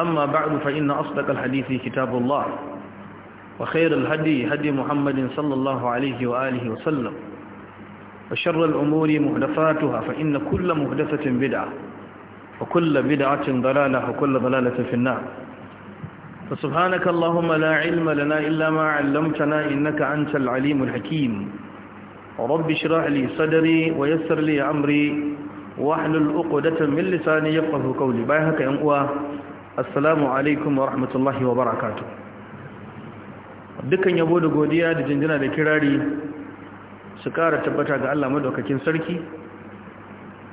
أما بعد فإن أصدق الحديث كتاب الله وخير الهدي هدي محمد صلى الله عليه وآله وسلم وشر الأمور مهدفاتها فإن كل مهدفة بدعة وكل بدعة ضلالة وكل ضلالة في النار فسبحانك اللهم لا علم لنا إلا ما علمتنا إنك أنت العليم الحكيم رب اشرح لي صدري ويسر لي أمري وحل الأقدة من لساني يفقه قولي بايهك يا assalamu alaikum wa rahmatullahi wa barakatu dukkan yabo da godiya da jinjina da kirari su kara tabbata ga Allah madaukakin sarki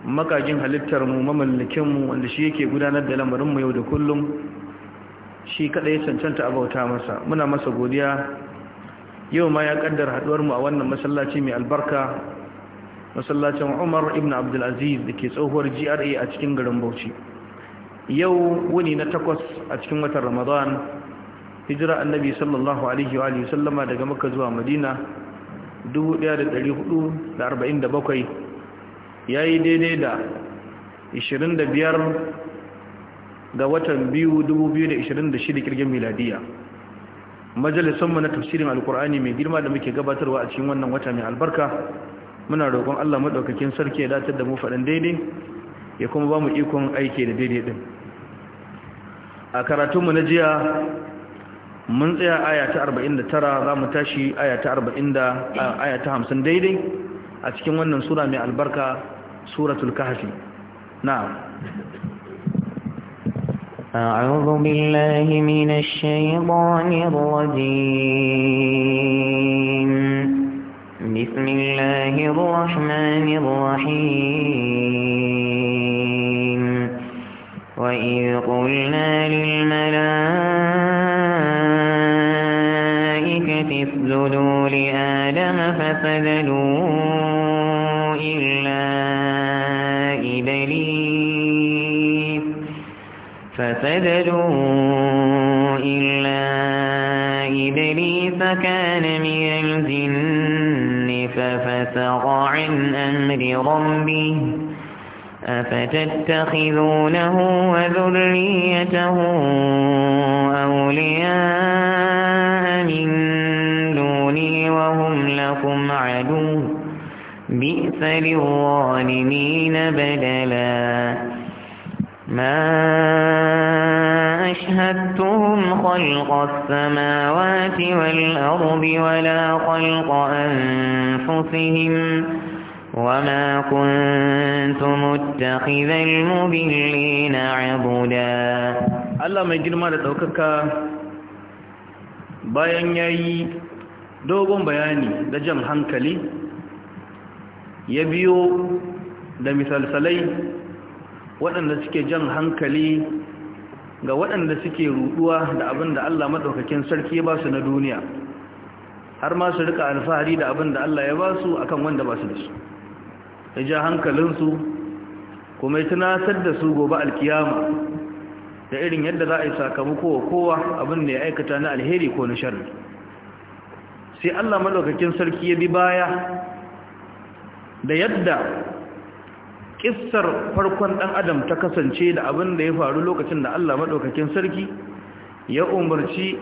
makajin halittar mu mamallakin mu wanda shi yake gudanar da lamarin mu yau da kullum shi kada ya cancanta a bauta masa muna masa godiya yau ma ya kaddar haduwar mu a wannan masallaci mai albarka masallacin Umar ibn Abdul Aziz ke tsohuwar GRA a cikin garin Bauchi yau wuni na takwas a cikin watan ramadan hijira annabi sallallahu alaihi wa sallama daga makka zuwa madina 1447 ya yi daidai da 25 ga watan 2026 kirgin miladiya majalisunmu na tafsirin alkur'ani mai girma da muke gabatarwa a cikin wannan wata mai albarka muna roƙon allah maɗaukakin sarki ya datar da mu faɗin daidai ya kuma ba mu ikon aiki da daidai ɗin a karatunmu na jiya mun tsaya aya ta 49 za mu tashi aya ta 40 aya ta 50 daidai a cikin wannan sura mai albarka suratul kahfi na'am أعوذ بالله من الشيطان الرجيم بسم الله الرحمن الرحيم وإذ قلنا للملائكة اسجدوا لآدم فسجدوا إلا إبليس فسجدوا إلا إبليس كان من الجن ففسق عن أمر ربه أفتتخذونه وذريته أولياء من دوني وهم لكم عدو بئس للظالمين بدلا ما أشهدتهم خلق السماوات والأرض ولا خلق أنفسهم ولا وما كنت متخذ المضلين عبدا Allah mai girma da ɗaukaka bayan yayi dogon bayani da jam hankali ya biyo da misalsalai waɗanda suke jan hankali ga waɗanda suke ruɗuwa da abin da Allah maɗaukakin sarki ya ba su na duniya har ma su rika alfahari da abin da Allah ya ba su akan wanda ba su da su ya ja hankalinsu kuma ya tunatar da su gobe alkiyama da irin yadda za a yi sakamako wa kowa abin da ya aikata na alheri ko na sharri sai Allah madaukakin sarki ya bi baya da yadda kissar farkon ɗan adam ta kasance da abin da ya faru lokacin da Allah madaukakin sarki ya umarci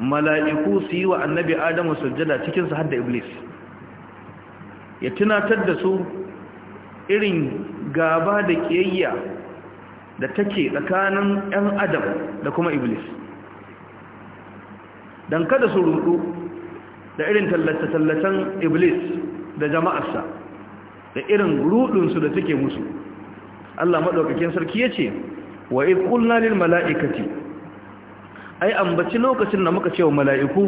mala'iku su yi wa annabi adamu sujjada cikin su da iblis ya tunatar da su irin gaba da kiyayya da take tsakanin 'yan adam da kuma iblis don kada su rudu da irin tallata-tallatan iblis da jama'arsa da irin rudunsu da take musu Allah maɗaukakin sarki ya ce wa ikulna lil mala'ikati ai ambaci lokacin da muka ce wa mala'iku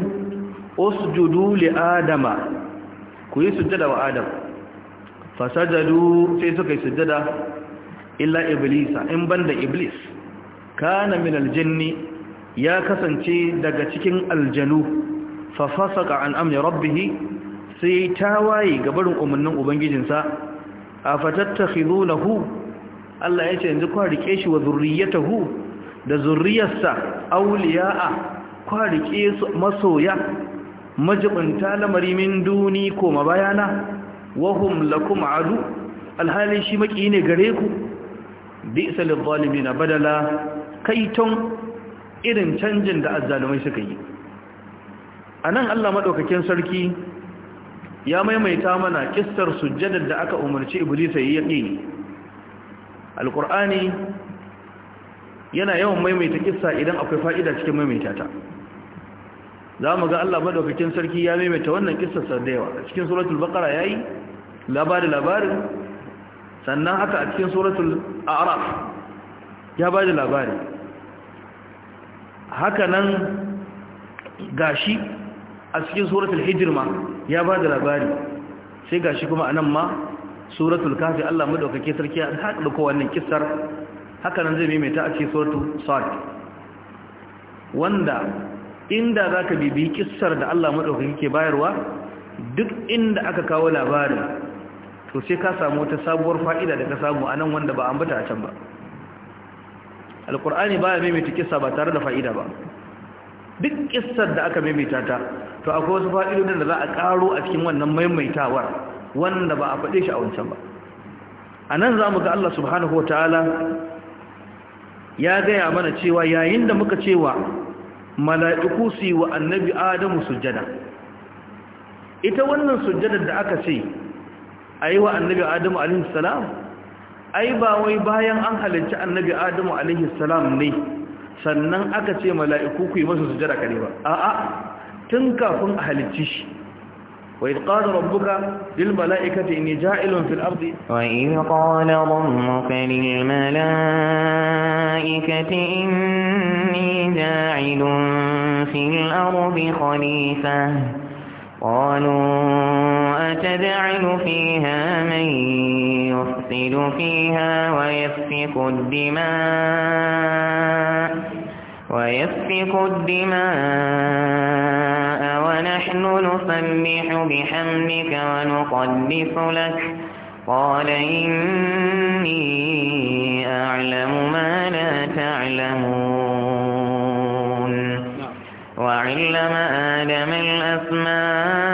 usjudu li adama ku yi sujjada wa adam fasajadu sai suka yi sujjada illa iblisa in banda iblis kana min aljinni ya kasance daga cikin aljanu fa fasaka an amri rabbih sai tawaye ga barin umarnin ubangijinsa a fatattakhidunahu Allah yace yanzu kwa rike shi wa zurriyatahu da zurriyarsa awliya'a kwa rike su masoya majibanta lamari min duni ko mabayana wahum lakum adu alhali shi maki ne gare ku bi salil zalimin badala kaiton irin canjin da azzalumai suka yi anan Allah madaukakin sarki ya maimaita mana kissar sujjadar da aka umarci iblis ya yi alqur'ani yana yawan maimaita kissa idan akwai fa'ida cikin maimaita ta za mu ga Allah madaukakin sarki ya maimaita wannan kissar da yawa a cikin suratul baqara yayi labari labari sannan haka a cikin suratul a'raf ya ba da labari haka nan gashi a cikin suratul hijr ma ya ba da labari sai gashi kuma anan ma suratul kafi Allah madaukake sarki ya haɗa ko wannan kissar haka nan zai maimaita a cikin suratul sad wanda inda za ka bibi kissar da Allah maɗaukaki ke bayarwa duk inda aka kawo labarin to sai ka samu wata sabuwar fa'ida da ka samu a nan wanda ba bata a can ba alƙur'ani ba ya maimaita kissa ba tare da fa'ida ba duk kissar da aka maimaita ta to akwai wasu fa'idodin da za a ƙaro a cikin wannan maimaitawar wanda ba a faɗe shi a wancan ba a nan za mu ga Allah subhanahu wa ta'ala ya gaya mana cewa yayin da muka cewa mala'iku su yi wa annabi adamu sujjada ita wannan sujjadar da aka ce a yi wa annabi adamu alaihissalam ai ba wai bayan an halarci annabi adamu alaihissalam ne sannan aka ce mala'iku ku yi masa sujjada kare ba a'a tun kafin a halarci shi وإذ قال ربك للملائكة إني جائل في الأرض وإذ قال ربك للملائكة إني جاعل في الأرض خليفة قالوا أتجعل فيها من يفسد فيها ويفسك الدماء ويفك الدماء ونحن نسبح بحمدك ونقدس لك قال إني أعلم ما لا تعلمون نعم. وعلم آدم الأسماء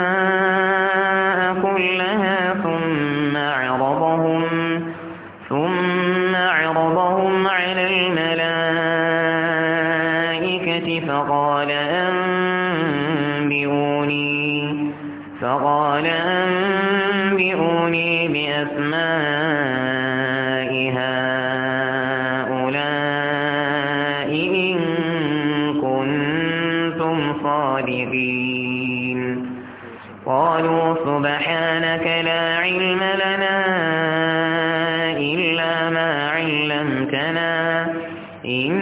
الغافلين قالوا سبحانك لا علم لنا إلا ما علمتنا إن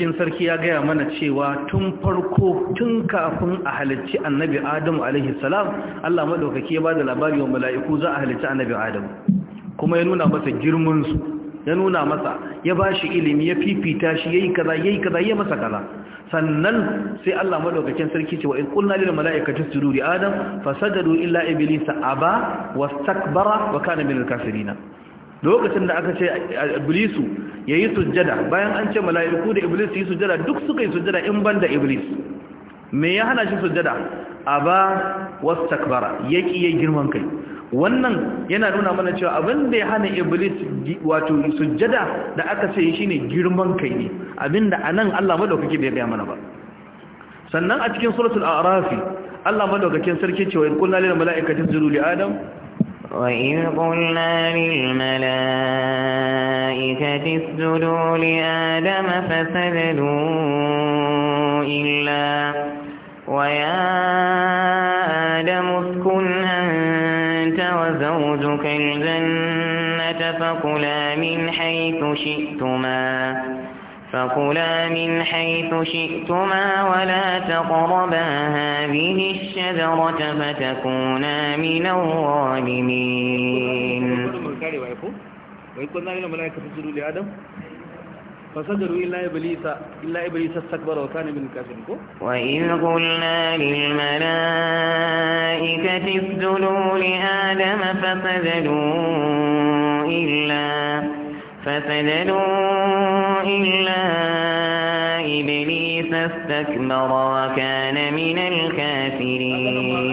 maɗaukakin sarki ya gaya mana cewa tun farko tun kafin a halicci annabi adam alaihi salam Allah maɗaukaki ya ba da labari wa mala'iku za a halicci annabi adam kuma ya nuna masa girminsu ya nuna masa ya ba shi ilimi ya fifita shi ya yi kaza ya yi kaza ya masa kaza sannan sai Allah maɗaukakin sarki ce wa in ƙulna lil mala'ikatu sujudu li adam fasajadu illa iblisa aba wastakbara wa kana minal kafirina lokacin da aka ce iblisu yayi sujjada bayan an ce mala'iku da iblis yi sujjada duk suka yi sujjada in banda iblis me ya hana shi sujjada aba wastakbara yaki ya girman kai wannan yana nuna mana cewa abin da ya hana iblis wato sujjada da aka ce shine girman kai ne abinda anan Allah madaukake bai ga mana ba sannan a cikin suratul a'raf Allah madaukakin sarki cewa in kullu lil mala'ikati tasjudu li adam وإذ قلنا للملائكة اسجدوا لآدم فسجدوا إلا ويا آدم اسكن أنت وزوجك الجنة فكلا من حيث شئتما فكلا من حيث شئتما ولا تقربا هذه الشجرة فتكونا من الظالمين وإذ قلنا للملائكة اسجدوا لآدم فسجدوا إلا إبليس إلا إبليس استكبر وكان من الكافرين وإذ قلنا للملائكة اسجدوا لآدم فسجدوا إلا فسجدوا إلا إبليس استكبر وكان من الكافرين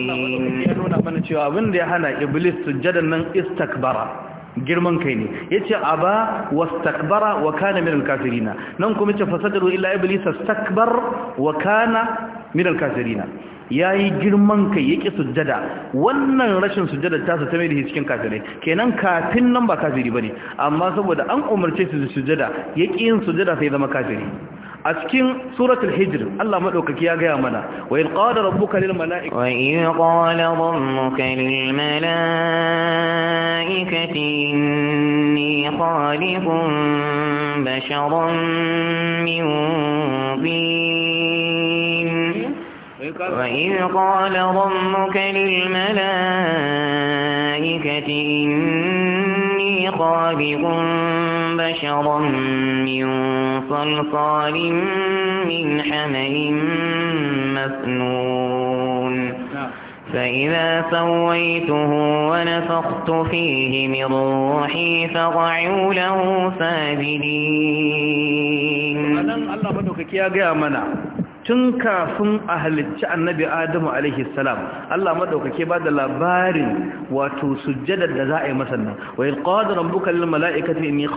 mana cewa abin da ya hana iblis sujjadan nan istakbara girman kai ne yace aba wastakbara wa kana minal kafirina nan kuma yace fasadaru illa iblis istakbar wa kana min al-kafirina yayi girman kai yake sujjada wannan rashin sujjada ta ta mai da cikin kafirai kenan kafin nan ba kafiri bane amma saboda an umarce su sujjada yake yin sujjada sai zama kafiri a cikin suratul hijr Allah madaukaki ya gaya mana wa in qala rabbuka lil malaikati wa in qala rabbuka lil malaikati inni khaliqun basharan min tin وإذ قال ربك للملائكة إني خالق بشرا من صلصال من حمأ مسنون فإذا سويته ونفخت فيه من روحي فقعوا له ساجدين. الله يا tun kafin a halicci annabi adamu alaihi salam Allah madaukake ba da labarin wato sujjadar da za a yi masa nan wa in qada rabbuka lil mala'ikati inni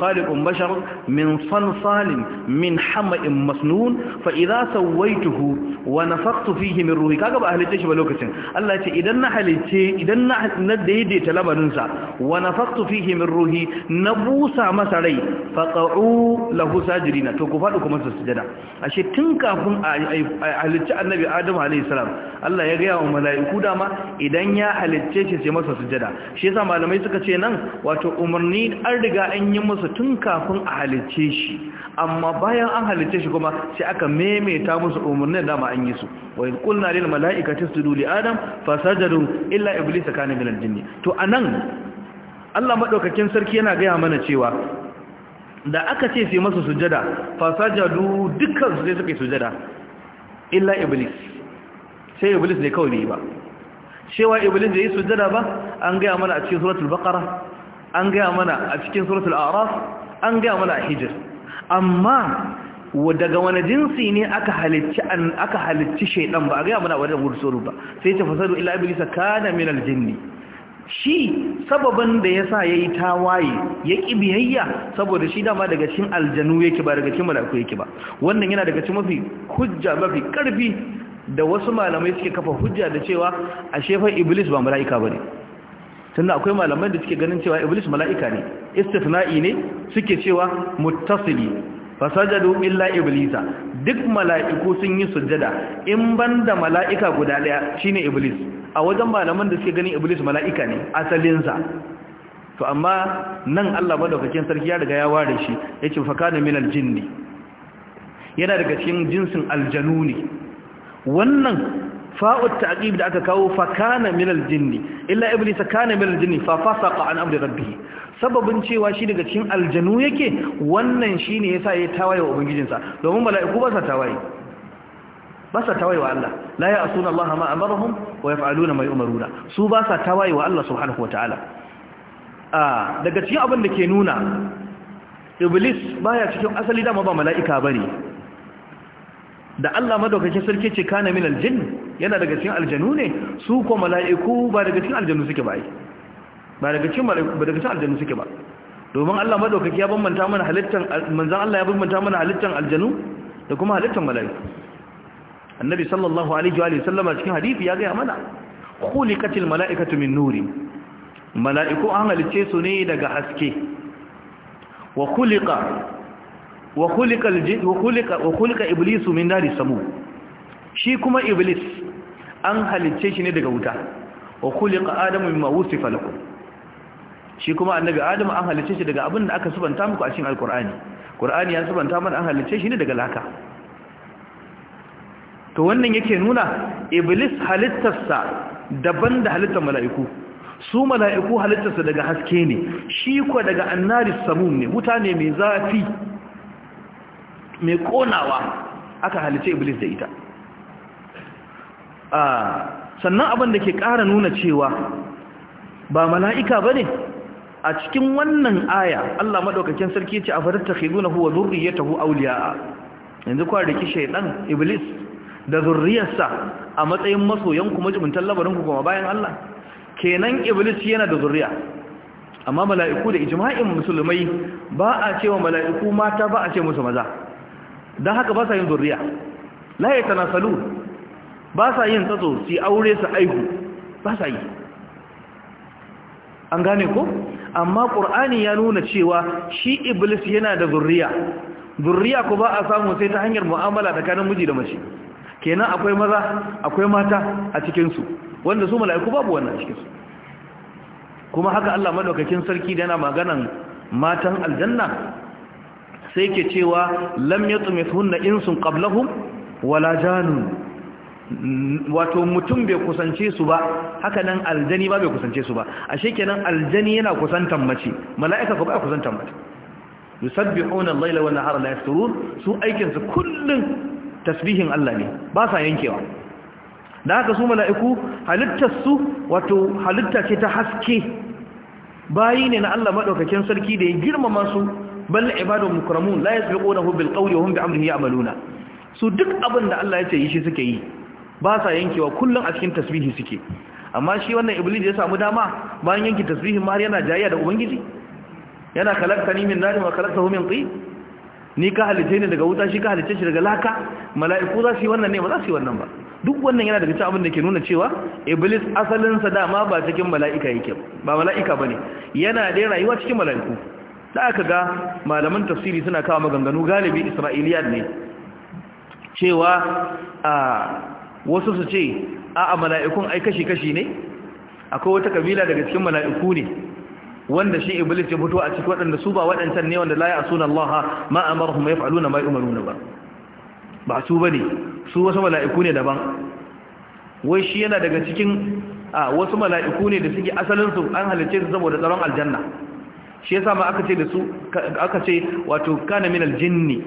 bashar min salsalin min hama'in masnun fa idza tuhu, wa nafakhtu fihi min ruhi kaga ba halicce shi ba lokacin Allah ya ce idan na halicce idan na daidaita labarin sa wa nafakhtu min ruhi na busa masa rai faqa'u lahu sajidina to ku faɗi kuma sujjada ashe tun kafin a halicci annabi adam alayhi salam Allah ya gaya wa mala'iku dama idan ya halicce shi sai masa sujada shi yasa malamai suka ce nan wato umarni an riga an yi masa tun kafin a halicce shi amma bayan an halicce shi kuma sai aka maimaita musu umarnin dama an yi su wa in qulna lil mala'ikati isjudu li adam fasajadu illa iblis kana min al-jinn to anan Allah madaukakin sarki yana gaya mana cewa da aka ce sai masa sujada fasajadu dukkan su sai suka yi sujada illa iblis sai iblis ne kawai bai ba cewa iblis da yi sujjada ba an gaya mana a cikin suratul baqara an gaya mana a cikin suratul a'raf an gaya mana a hijr amma daga wani jinsi ne aka halicci aka halicci shaydan ba a gaya mana wannan wurin ba sai ta fasadu illa iblis kana min aljinni shi sababin da yasa yi tawaye ya ƙi biyayya saboda shi dama daga cikin aljanu yake ba daga cikin malaku yake ba wannan yana daga cikin mafi hujja mafi karfi da wasu malamai suke kafa hujja da cewa a shefar iblis ba malaika ba ne. tunda akwai malamai da suke ganin cewa iblis mala'ika ne istifna'i ne suke cewa muttasili fasajadu illa iblisa duk mala'iku sun yi sujjada in banda mala'ika guda daya shine iblis a wajen malaman da suke ganin iblis mala'ika ne asalinsa to amma nan Allah madaukakin sarki ya riga ya ware shi yace fa kana minal jinni yana daga cikin jinsin aljanuni wannan fa'ut ta'qib da aka kawo fa kana min al-jinni illa iblis kana min al-jinni fa fasaqa an amri rabbi. sababin cewa shi daga cikin aljanu yake wannan shi ne ya sa ya tawaye wa ubangijinsa domin mala'iku ba sa tawaye ba sa tawaye wa Allah la ya'suna Allah ma amarahum wa yaf'aluna mai umaruna, su ba sa tawaye wa Allah subhanahu wa ta'ala. Ah, daga cikin abin da ke nuna iblis baya cikin asali dama ba mala'ika bane da Allah madaukakin sarki ce kana min aljin yana daga cikin aljanu ne su ko mala'iku ba daga cikin aljanu suke ba ba daga cikin mala'iku ba daga cikin aljanu suke ba domin Allah madaukaki ya bambanta mana halittan manzon Allah ya bambanta mana halittan aljanu da kuma halittan mala'iku annabi sallallahu alaihi wa sallama cikin hadisi ya gaya mana khuliqatil mala'ikatu min nuri mala'iku an halice su ne daga haske wa khuliqa wa kulika iblisu min nari samu shi kuma iblis an halicce shi ne daga wuta wa kulika adamu mimma wusifa lakum shi kuma annabi adamu an halicce shi daga abin da aka subanta muku a cikin alqur'ani qur'ani ya subanta mana an halicce shi ne daga laka to wannan yake nuna iblis halittarsa daban da halittar mala'iku su mala'iku halittarsa daga haske ne shi kuwa daga annari samum ne wuta ne mai zafi mai konawa aka halice iblis da ita ah, sannan abin da ke ƙara nuna cewa ba mala'ika ba ne a cikin wannan aya Allah maɗaukakin sarki ce a farar takhiduna huwa zurriyatahu awliya'a yanzu kwa riki ɗan iblis da zurriyarsa a matsayin masoyan kuma jibintan labarin ku kuma bayan Allah kenan iblis yana da zurriya amma mala'iku da ijma'in musulmai ba a cewa mala'iku mata ba a ce musu maza don haka ba sa yin zurriya la ya tanasalu ba sa yin tsatso su aure su aihu ba sa yi an gane ko amma ƙur'ani ya nuna cewa shi iblis yana da zurriya zurriya ku ba a samu sai ta hanyar mu'amala tsakanin miji da mace kenan akwai maza akwai mata a cikinsu wanda su mala'iku babu wannan cikinsu kuma haka Allah madaukakin sarki da yana maganan matan aljanna sai ke cewa lam yatmithunna insun qablahum wala janun wato mutum bai kusance su ba haka nan aljani ba bai kusance su ba ashe kenan aljani yana kusantan mace mala'ika ko ba kusantan mace yusabbihuna al-laila wan nahara la yasturun su aikin su kullun tasbihin Allah ne ba sa yankewa da haka su mala'iku halittar su wato halitta ce ta haske bayi ne na Allah madaukakin sarki da ya girmama su bal ibadun mukramun la yasbiqunahu bil qawli wa hum bi amrihi ya'maluna su duk abin da Allah ya ce yi shi suke yi ba sa yankewa kullum a cikin tasbihi suke amma shi wannan iblis ya samu dama bayan yanki tasbihin ma yana jayya da ubangiji yana khalaqtani min narin wa khalaqtahu min tin ni ka halice ni daga wuta shi ka halice shi daga laka mala'iku za su yi wannan ne ba za su yi wannan ba duk wannan yana daga cikin abin da ke nuna cewa iblis asalin sa dama ba cikin mala'ika yake ba mala'ika bane yana da rayuwa cikin mala'iku da aka ga malaman tafsiri suna kawo maganganu galibi isra'iliyat ne cewa a wasu su ce a a mala'ikun ai kashi-kashi ne akwai wata kabila daga cikin mala'iku ne wanda shi iblis ya fito a cikin waɗanda su ba waɗancan ne wanda a la ya asuna Allah ma amaruhum yaf'aluna ma yu'maruna ba ba su ba ne su wasu mala'iku ne daban wai shi yana daga cikin a wasu mala'iku ne da suke asalinsu an halice su saboda tsaron aljanna shi yasa ma aka ce da su aka ce wato kana min aljinni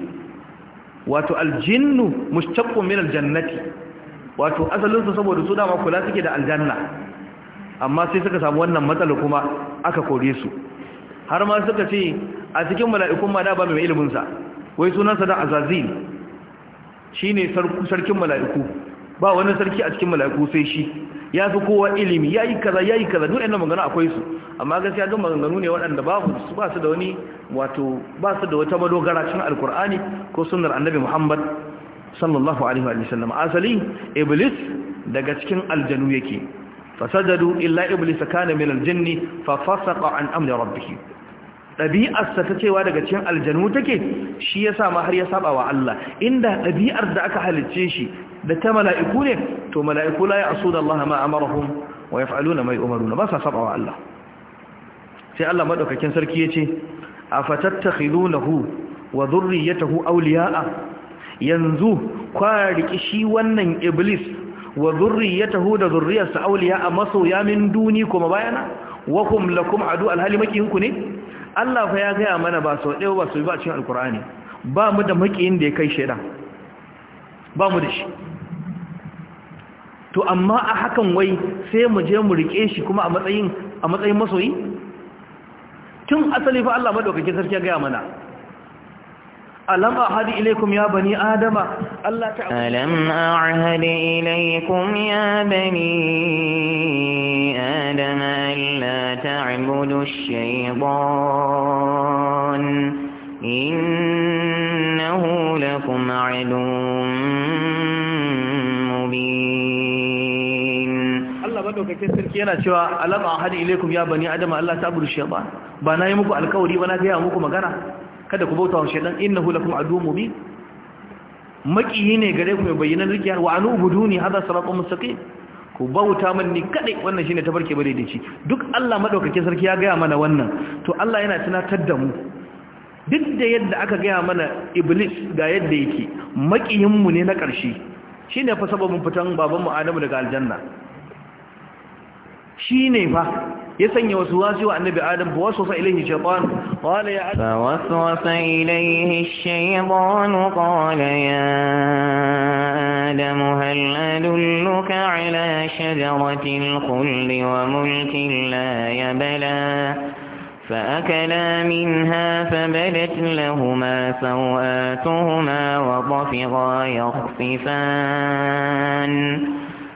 wato aljinnu mushtaqqun min aljannati wato asalin su saboda su dama kula suke da aljanna amma sai suka samu wannan matsala kuma aka kore su har ma suka ce a cikin mala'ikun ma da ba mai ilimin sa wai sa da azazil shine sarkin mala'iku ba wani sarki a cikin mala'iku sai shi ya fi kowa ilimi ya yi kaza ya yi kaza duk magana akwai su amma gaskiya duk maganganu ne waɗanda babu su ba su da wani wato ba su da wata madogara cikin alkur'ani ko sunnar annabi muhammad sallallahu alaihi wa sallam asali iblis daga cikin aljanu yake fasajadu illa iblis kana min aljinni fa fasaqa an amri rabbih ɗabi'arsa ta cewa daga cikin aljanu take shi ya sa ma har ya saba wa Allah inda ɗabi'ar da aka halicce shi da ta mala'iku ne to mala'iku la ya asu da Allah ma amarahum wa ya fa'aluna mai umaruna ba sa saba wa Allah sai Allah maɗaukakin sarki ya ce a fatattakhidunahu wa zurriyatahu awliya'a yanzu kwariki shi wannan iblis wa zurriyatahu da zurriyarsa awliya'a masoya min duni kuma bayana wa hum lakum adu alhali makihinku ne Allah fa ya gaya mana ba sau ɗaya ba sau ba cikin alkur'ani ba mu da makiyin da ya kai shaida ba mu da shi to amma a hakan wai sai mu je mu rike shi kuma a matsayin a matsayin masoyi tun asali fa Allah madaukakin sarki ya gaya mana ألم أعهد إليكم يا بني آدم ألا تعبدوا ألم أعهد إليكم يا بني آدم ألا تعبدوا الشيطان إنه لكم عدو مبين الله مدوكاكين سركي yana cewa alam ahadi ilaikum ya bani آدم Allah ta الشيطان shaytan ba nayi muku alkawari ba na ga muku magana kada ku bauta wa shaidan innahu lakum adu mubin makiyi ne gare ku mai bayyana rikiya wa anu buduni hada siratun mustaqim ku bauta man ni kadai wannan shine tabarke bare da shi duk Allah Madaukake sarki ya gaya mana wannan to Allah yana tunatar da mu duk da yadda aka gaya mana iblis ga yadda yake makiyin mu ne na ƙarshe shine fa sababin fitan baban mu Adamu daga aljanna shine fa يسني وسواس النبي آدم فوسوس إليه الشيطان قال يا آدم فوسوس إليه الشيطان قال يا آدم هل أدلك على شجرة الخلد وملك لا يبلى فأكلا منها فبلت لهما سوآتهما وطفقا يخصفان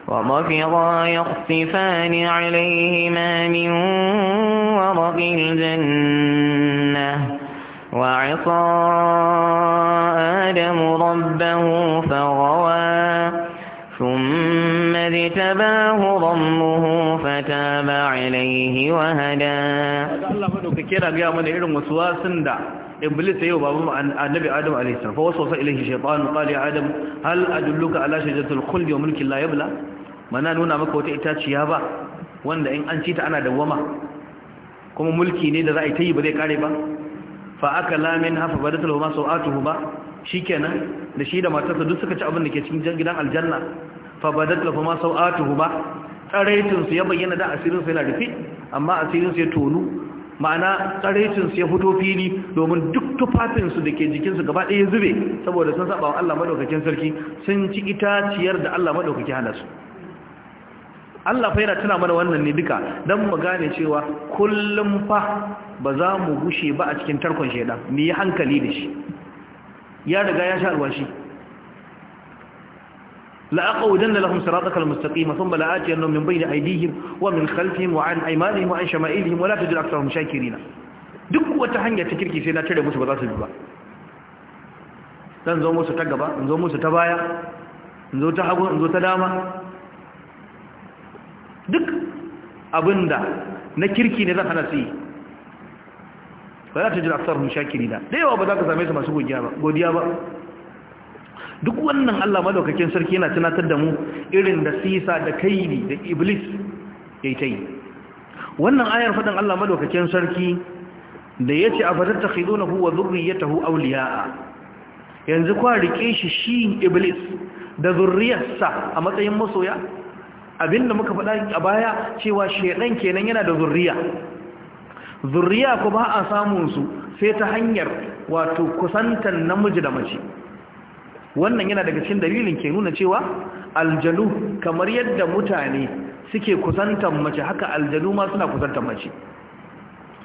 وطفقا يختفان عليهما من ورق الجنة وعصى آدم ربه فغوى ثم اجتباه ربه فتاب عليه وهدى إبليس مدوك كيرا إبليس يوبا النبي آدم عليه السلام فوسوس إليه الشيطان قال يا آدم هل أدلك على شجرة الخلد وملك لا يبلى mana nuna maka wata itaciya ba wanda in an ci ta ana dawwama kuma mulki ne da za a yi ta ba zai kare ba fa aka lamin hafa ba da masu sau'atuhu ba shikenan da shi da matarsa duk suka ci abin da ke cikin gidan aljanna fa ba da masu sau'atuhu ba tsaraitinsu ya bayyana da asirinsu yana rufe amma asirinsu ya tonu ma'ana tsaraitinsu ya fito fili domin duk tufafinsu da ke jikinsu gaba ɗaya zube saboda sun saba wa Allah maɗaukakin sarki sun ci itaciyar da Allah maɗaukaki hana su Allah fa yana tuna mana wannan ne duka dan mu gane cewa kullum fa ba za mu gushe ba a cikin tarkon shedan mu yi hankali da shi ya riga ya sha alwashi لأقودن لهم صراطك المستقيم ثم لآتينهم من بين أيديهم ومن خلفهم وعن أيمانهم وعن شمائلهم ولا تجد أكثرهم شاكرين duk wata hanya ta kirki sai na cire musu ba za su bi ba zan zo musu ta gaba in zo musu ta baya in zo ta hagu in zo ta dama duk abinda na kirki ne zan hana su yi ba za ta jira aksar hun shakiri da da yawa ba za ka same su masu godiya ba duk wannan allah madaukakin sarki yana tunatar da mu irin da sisa da kaini da iblis ya yi ta yi wannan ayar faɗin allah madaukakin sarki da ya ce a fatar ta khido na huwa zurriyatahu auliya'a yanzu kwa rike shi shi iblis da zurriyarsa a matsayin masoya abinda muka faɗa a baya cewa shaidan kenan yana da zurriya zurriya ko ba a samun su sai ta hanyar wato kusantan namiji da mace wannan yana daga cikin dalilin ke nuna cewa aljanu kamar yadda mutane suke kusantan mace haka aljanu ma suna kusantan mace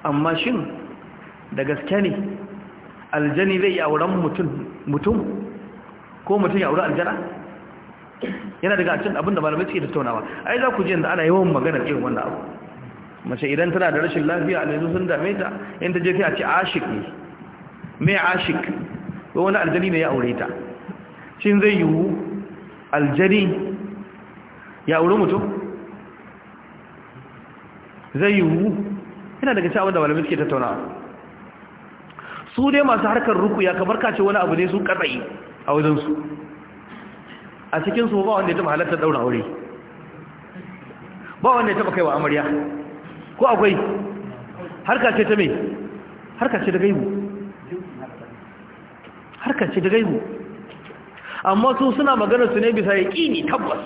amma shin da gaske ne aljani zai yi auren mutum ko mutum ya auri aljana yana daga cikin abinda malamai suke tattaunawa ai za ku ji yanzu ana yawan magana irin wannan abu mace idan tana da rashin lafiya a yanzu sun dame ta in ta je ta a ce ashik ne mai ashik ko wani aljani ne ya aure ta shin zai yiwu aljani ya aure mutum zai yiwu yana daga cikin abinda malamai suke tattaunawa su dai masu harkar rukuya kamar kace wani abu ne su kadai a wajensu a cikin su ba wanda ya taba halatta daura aure ba wanda ya taba kaiwa amarya ko akwai harka ce ta me harka ce da gaibu harka ce da gaibu amma su suna magana su ne bisa ni tabbas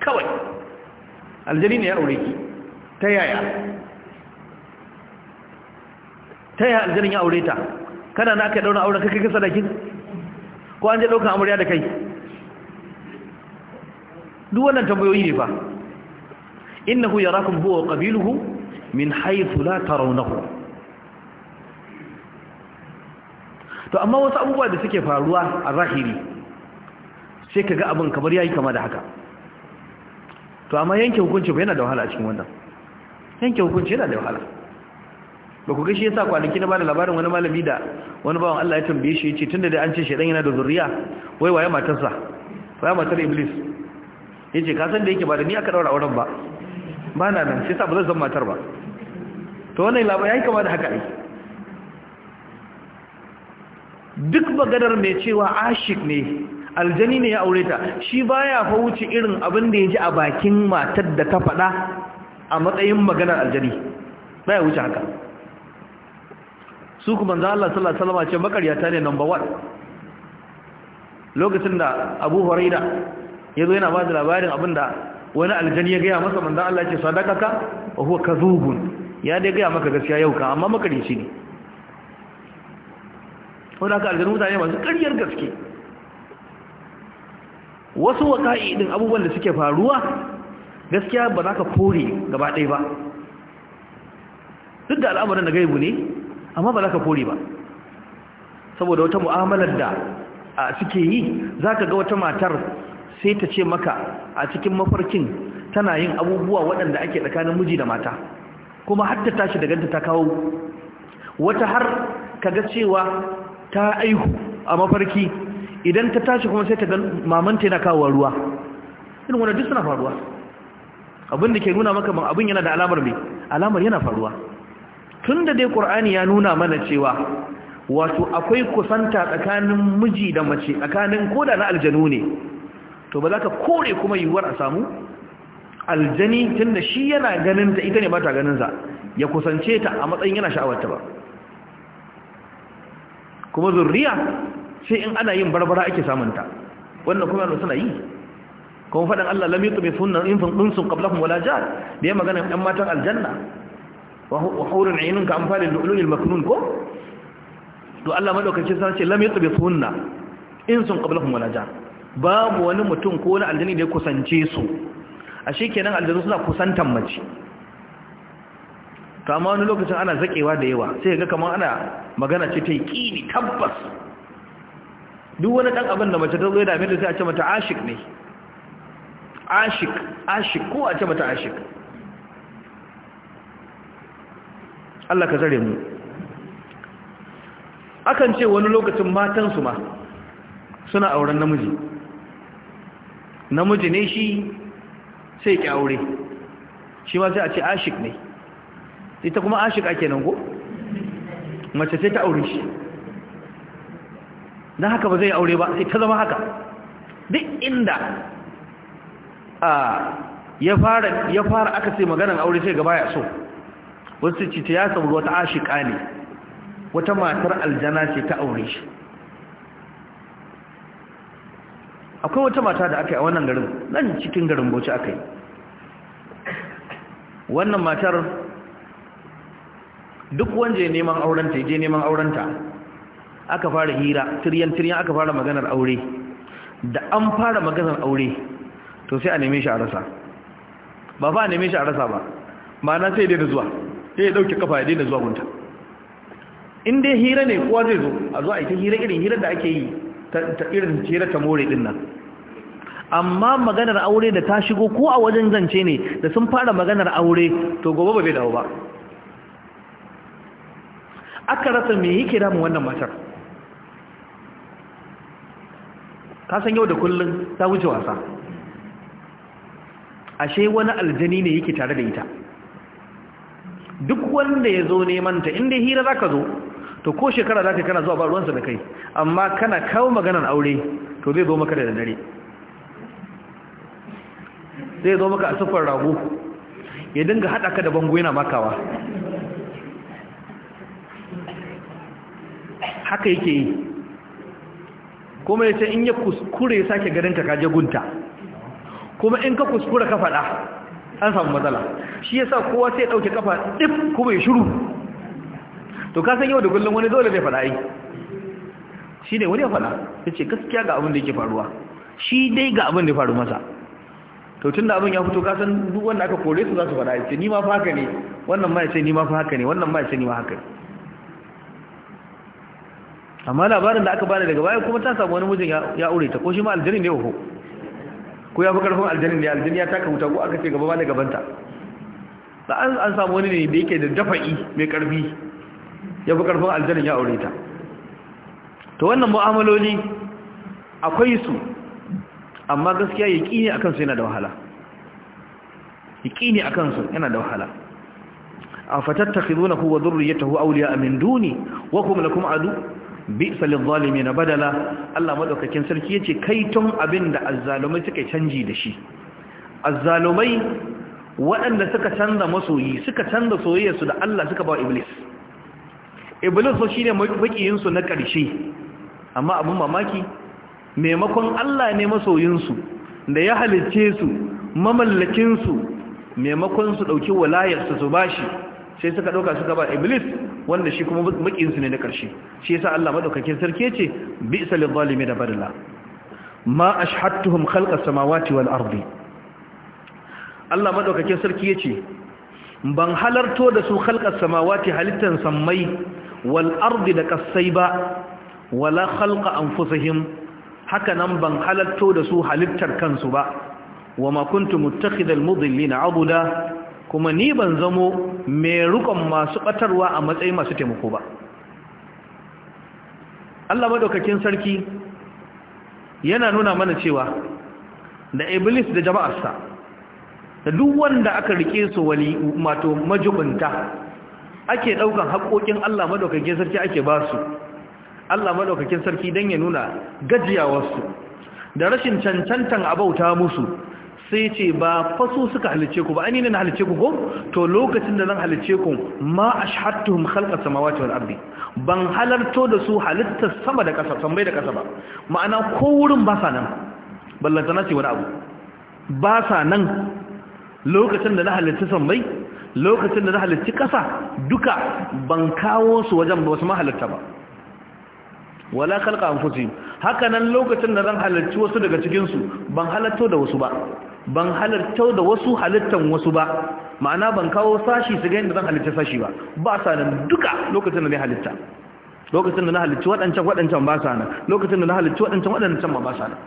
kawai aljani ne ya aure ki ta yaya ta yaya aljanin ya aure ta kana na aka daura auren kai kai sadakin ko an je daukan amarya da kai duk wannan tambayoyi ne fa innahu yarakum huwa wa qabiluhu min haythu la tarawnahu to amma wasu abubuwa da suke faruwa a zahiri sai kaga abin kamar yayi kama da haka to amma yanke hukunci ba yana da wahala a cikin wannan yanke hukunci yana da wahala ba ku ga shi yasa kwanaki na bada labarin wani malami da wani bawan Allah ya tambaye shi yace tunda da an ce shedan yana da zuriya wai waye matarsa waye matar iblis ya ce kasan da yake ba da ni aka daura auren ba ba na nan sai sa ba zan matar ba to wannan labar ya yi kama da haka ne duk maganar mai cewa ashik ne aljani ne ya aure ta shi baya ya fahimci irin abin da ya ji a bakin matar da ta faɗa a matsayin maganar aljani Ba ya wuce haka su kuma za Allah sallallahu alaihi wasallam ce ta ne number 1 lokacin da Abu Hurairah yazo yana ba da labarin abinda wani aljani ya gaya masa manzon Allah ya ce sadaqaka wa huwa kadhubun ya dai gaya maka gaskiya yau ka amma makarici ne wanda ka aljanu mutane masu ƙaryar gaske wasu wa din abubuwan da suke faruwa gaskiya ba za ka kore gaba ɗaya ba duk da al'amarin da gaibu ne amma ba za ka kore ba saboda wata mu'amalar da suke yi za ka ga wata matar sai ta ce maka a cikin mafarkin tana yin abubuwa waɗanda ake tsakanin miji da mata kuma har ta tashi da ganta ta kawo wata har kaga cewa ta aihu a mafarki idan ta tashi kuma sai ta ga mamanta yana kawo ruwa irin wanda duk suna faruwa abin da ke nuna maka ban abin yana da alamar mai alamar yana faruwa tun da dai ƙur'ani ya nuna mana cewa wato akwai kusanta tsakanin miji da mace tsakanin koda na aljanu ne to ba za ka kore kuma yiwuwar a samu aljani tun da shi yana ganin ta ita ne ba ta ganinsa ya kusance ta a matsayin yana sha'awarta ba kuma zurriya sai in ana yin barbara ake samunta wannan kuma yana suna yi kuma faɗin Allah lam yutu bi sunnan in funqunsun qablakum wala jar da ya magana ɗan matan aljanna wa hurun aynun ka da lu'lul maknun ko to Allah madaukakin sa ce lam yutu bi sunna in sun qablakum wala jar babu wani mutum ko wani aljani da ya kusance su a kenan aljanu suna kusantan mace kama wani lokacin ana zakewa da yawa sai ga kamar ana magana ce ta yi kini tabbas duk wani ɗan abin da mace ta zo ya da sai a ce mata ashik ne ashik ashik ko a ce mata ashik Allah ka zare mu akan ce wani lokacin matansu ma suna auren namiji namiji ne shi sai ki aure shi ma sai a ce ashik ne ita kuma ashik ake nan ko mace sai ta aure shi na haka ba zai aure ba sai ta zama haka duk inda ya fara ya fara aka sai maganan aure sai gaba ya so wasu ce ta ya sabu wata ashika ne wata matar aljana ce ta aure shi akwai wata mata da aka yi a wannan garin nan cikin garin bauchi aka yi wannan matar duk wanda ya neman aurenta ya je neman aurenta aka fara hira tiryan tiryan aka fara maganar aure da an fara maganar aure to sai a neme shi a rasa ba fa a neme shi a rasa ba ma'ana sai dai da zuwa sai ya dauki kafa ya daina zuwa gunta in dai hira ne kowa zai zo a zo a ita hira irin hira da ake yi ta irin cire ta more din nan amma maganar aure da ta shigo ko a wajen zance ne da sun fara maganar aure to gobe ba bai dawo ba aka rasa me yake damu wannan matar ka san yau da kullun ta wuce wasa ashe wani aljani ne yake tare da ita duk wanda ya zo neman ta inda hira zaka zo to ko shekara za ka kana zuwa ba ruwansa da kai amma kana kawo maganar aure to zai zo maka da dare zai zo maka a sufar rago ya dinga haɗa ka da bango yana makawa haka yake yi kuma ya ce in ya kuskure ya sake ganin ka kaje gunta kuma in ka kuskura ka faɗa an samu matsala shi yasa kowa sai ya ɗauke kafa ɗif kuma ya shiru to ka san yau da kullum wani dole zai faɗa ai shi ne wani ya faɗa ya ce gaskiya ga abin da yake faruwa shi dai ga abin da ya faru masa to tun da abin ya fito kasan duk wanda aka kore su za su faɗa ya ce ni ma fa haka ne wannan ma ya ce ni ma fa haka ne wannan ma ya ce nima ma haka ne amma labarin da aka bada daga baya kuma ta samu wani mijin ya aure ta ko shi ma aljanin ne oho ko ya fi karfin aljanin ne aljanin ya taka wuta ko aka ce gaba ba da gabanta da an samu wani ne da yake da dafa'i mai karfi ya fi ƙarfin aljanin ya aure ta to wannan mu'amaloli akwai su amma gaskiya ya ƙi ne a kansu yana da wahala ya ƙi ne a kansu yana da wahala a fatattakizuna kuwa zurriyatahu auliya amin duni wa kuma kuma adu bisa Zalimi na badala Allah maɗaukakin sarki ya ce kaiton abin da azzalumai suka canji da shi azzalumai waɗanda suka canza masoyi suka canza soyayyarsu da Allah suka ba iblis iblis so shi ne na ƙarshe amma abin mamaki maimakon Allah ne masoyinsu da ya halicce su mamallakinsu su maimakon su ɗauki walayar su ba bashi sai suka ɗauka suka ba iblis wanda shi kuma makiyin ne na ƙarshe shi yasa Allah maɗaukakin sarki ce bi zalimi da badala ma ashhadtuhum khalqa samawati wal arbi. Allah maɗaukakin sarki ce ban halarto da su khalqas samawati halittar sammai wal ardi da kasai ba wala an anfusihim haka nan ban halatto da su halittar kansu ba wa ma kuntu muttakhidal mudillina abuda kuma ni ban zamo mai rukon masu batarwa a matsayin masu taimako ba Allah maɗaukakin sarki yana nuna mana cewa da iblis da jama'arsa da duk wanda aka riƙe su wali mato majubunta ake ɗaukan haƙoƙin Allah madaukakin sarki ake ba su Allah madaukakin sarki don ya nuna gajiyawarsu da rashin cancantan abauta musu sai ce ba faso suka halice ku ba an na halice ku ko to lokacin da zan halice ku ma ashhadtuhum khalqa samawati wal ardi ban halarto da su halitta sama da ƙasa da ƙasa ba ma'ana ko wurin ba sa nan ballantana ce wani abu ba nan lokacin da na halitta sammai lokacin da na halitta ƙasa duka ban kawo su wajen ba wasu mahalitta ba wala kalka an fusi haka nan lokacin da zan halarci wasu daga cikinsu ban halatto da wasu ba ban halarto da wasu halittan wasu ba ma'ana ban kawo sashi su ga yadda zan halitta sashi ba ba sa nan duka lokacin da na halitta lokacin da na halicci waɗancan waɗancan ba sa nan lokacin da na halicci waɗancan waɗancan ba sa nan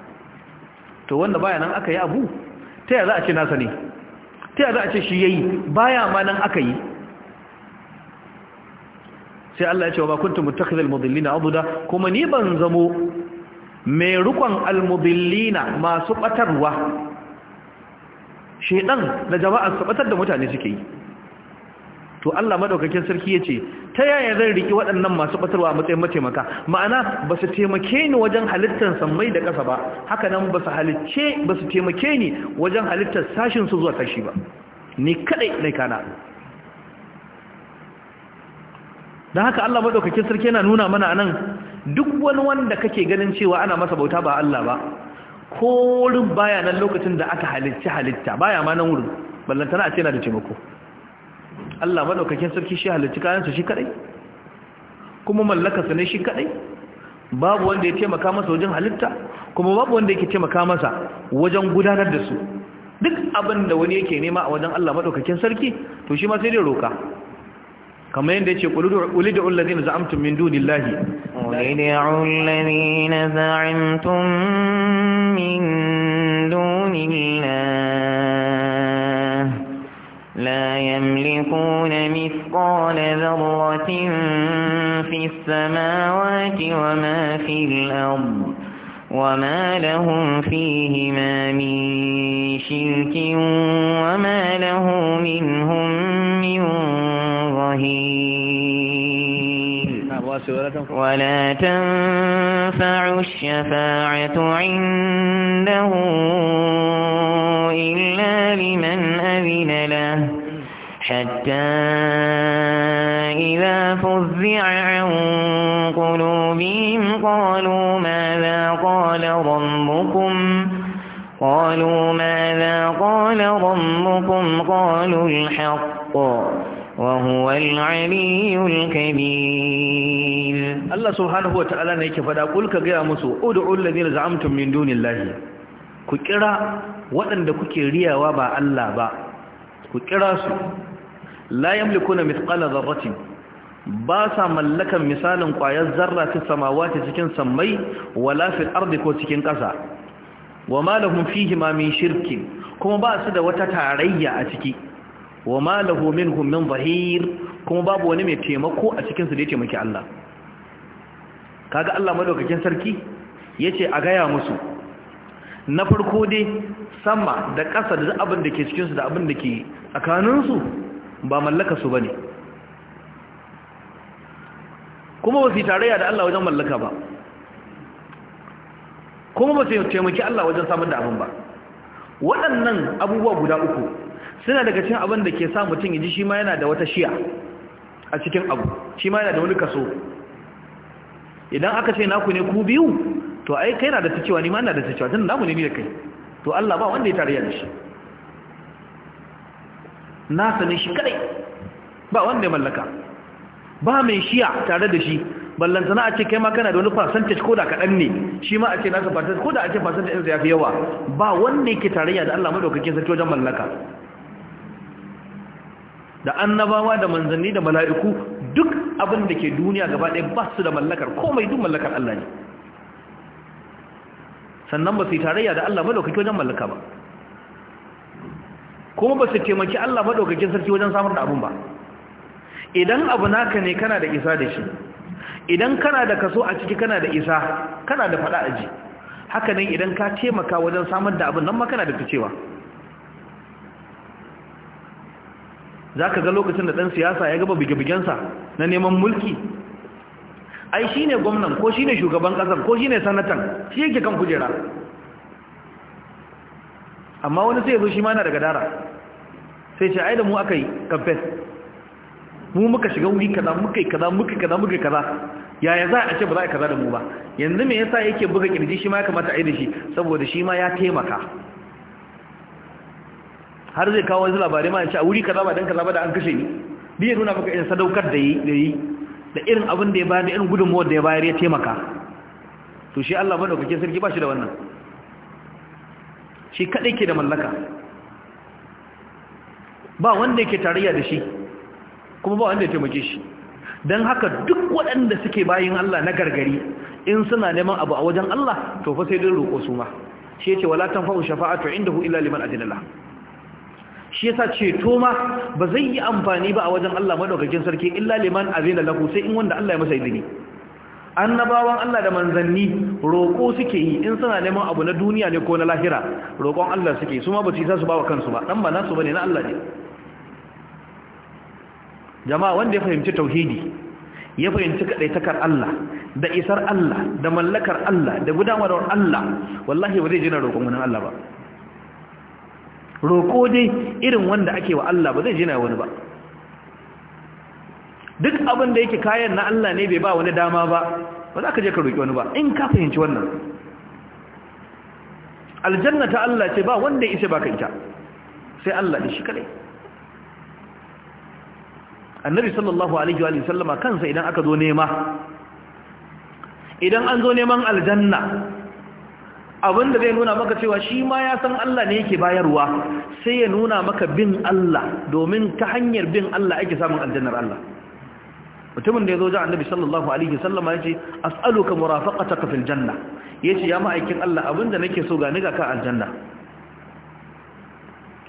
to wanda baya nan aka yi abu ta yaya za a ce nasa ne ta za a ce shi ya yi baya ma nan aka yi sai Allah ya ce wa ba da muttakhidhal abu abuda kuma ni ban zamo mai rukon almudillina masu batarwa shedan da jama'ar su batar da mutane suke yi to Allah madaukakin sarki yace ta yaya zan riki waɗannan masu batarwa matsayin mataimaka ma'ana ba su taimake ni wajen halittar sammai da ƙasa ba haka nan ba su halicce ba su taimake ni wajen halittar sashin su zuwa kashi ba ni kadai ne kana dan haka Allah madaukakin sarki yana nuna mana anan duk wani wanda kake ganin cewa ana masa bauta ba Allah ba ko wurin baya nan lokacin da aka halicci halitta baya ma nan wurin ballantana a ce yana da taimako Allah madaukakin sarki shi halitta kayansa shi kadai kuma mallakarsa ne shi kadai babu wanda ya taimaka masa wajen halitta kuma babu wanda yake taimaka masa wajen gudanar da su duk abin da wani yake nema a wajen Allah madaukakin sarki to shi ma sai dai roka kamar yadda yake qul ud'u allazina za'amtum min dunillahi ud'u allazina za'amtum min dunillahi لا يملكون مثقال ذرة في السماوات وما في الأرض وما لهم فيهما من شرك وما له منهم من ظهير ولا تنفع الشفاعة عندهم حتى إذا فزع عن قلوبهم قالوا ماذا قال ربكم قالوا ماذا قال ربكم قالوا الحق وهو العلي الكبير الله سبحانه وتعالى نكفدا قل كجا مسو ادعوا الذين زعمتم من دون الله ku وأن waɗanda kuke riyawa ba Allah la yamlikuna mithqala dharratin ba sa mallakan misalin ƙwayar zarra samawa samawati cikin sammai wala fil ardi ko cikin ƙasa wa ma lahum fihi ma min shirki kuma ba su da wata tarayya a ciki wa ma lahu minhum min zahir kuma babu wani mai taimako a cikin su da ya taimaki Allah kaga Allah madaukakin sarki yace a gaya musu na farko dai sama da ƙasa da abin da ke cikin su da abin da ke tsakaninsu ba mallaka su ne. kuma ba su yi tarayya da Allah wajen mallaka ba kuma ba su taimaki Allah wajen samar da abin ba waɗannan abubuwa guda uku suna daga cin abin da ke sa mutum ya ji shi ma yana da wata shiya a cikin abu shi ma yana da wani kaso idan aka ce naku ne ku biyu to ai kai na da ta cewa ni ma na da ta cewa tun namu ne ni da kai to Allah ba wanda ya tarayya da shi nasa ne shi kadai ba wanda ya mallaka ba mai shiya tare da shi ballantana a ce kai ma kana da wani percentage ko da kaɗan ne shi ma a ce nasa percentage ko da a ce percentage ɗinsa ya fi yawa ba wanda yake tarayya da Allah madaukakin sarki wajen mallaka da annabawa da manzanni da mala'iku duk abin da ke duniya gaba ɗaya ba su da mallakar komai duk mallakar Allah ne sannan ba su yi tarayya da Allah madaukakin wajen mallaka ba kuma ba su taimaki Allah maɗaukakin sarki wajen samar da abun ba idan abu naka ne kana da isa da shi idan kana da kaso a ciki kana da isa kana da faɗa aji haka nan idan ka taimaka wajen samar da abin nan ma kana da ficewa za ka ga lokacin da ɗan siyasa ya gaba sa na neman mulki ai shi ne gwamnan ko shi ne shugaban ƙasar ko shi ne sanatan shi yake kan kujera amma wani sai ya zo shi ma na daga dara sai ce aida da mu aka yi kamfes mu muka shiga wuri kaza muka yi kaza muka kaza muka kaza yaya za a ce ba za a kaza da mu ba yanzu me yasa yake buga kirji shi ma ya kamata a yi da shi saboda shi ma ya taimaka har zai kawo wasu labarai ma ya ce a wuri kaza ba dan kaza ba da an kashe ni bi ya nuna maka irin sadaukar da yi da irin abin da ya bayar da irin gudunmuwar da ya bayar ya taimaka to shi Allah madaukake sarki ba shi da wannan shi kaɗai ke da mallaka ba wanda yake tarayya da shi kuma ba wanda ya taimake shi don haka duk waɗanda suke bayin Allah na gargari in suna neman abu a wajen Allah to fa sai dai roƙo su ma shi yace wala tanfa'u shafa'atu indahu illa liman la. shi yasa ceto ma ba zai yi amfani ba a wajen Allah madaukakin sarki illa liman azina lahu sai in wanda Allah ya masa izini annabawan Allah da manzanni roƙo suke yi in suna neman abu na duniya ne ko na lahira roƙon Allah suke su ma ba su isa su ba wa kansu ba ɗan ba nasu ne na Allah ne jama'a wanda ya fahimci tauhidi ya fahimci kaɗai takar Allah da isar Allah da mallakar Allah da gudanarwar Allah wallahi ba zai jina roƙon wani Allah ba roƙo dai irin wanda ake wa Allah ba zai jina wani ba duk abin da yake kayan na Allah ne bai ba wani dama ba ba za ka je ka roƙi wani ba in ka fahimci wannan aljanna ta Allah ce ba wanda ya isa baka ita sai Allah ne shi kadai annabi sallallahu alaihi wa sallama kansa idan aka zo nema idan an zo neman aljanna abinda zai nuna maka cewa shi ma ya san Allah ne yake bayarwa sai ya nuna maka bin Allah domin ta hanyar bin Allah ake samun aljannar Allah mutumin da ya zo ji annabi sallallahu alaihi sallama ya ce as'aluka murafaqataka fil janna ya ce ya ma'aikin Allah abinda nake so ga ni ga ka aljanna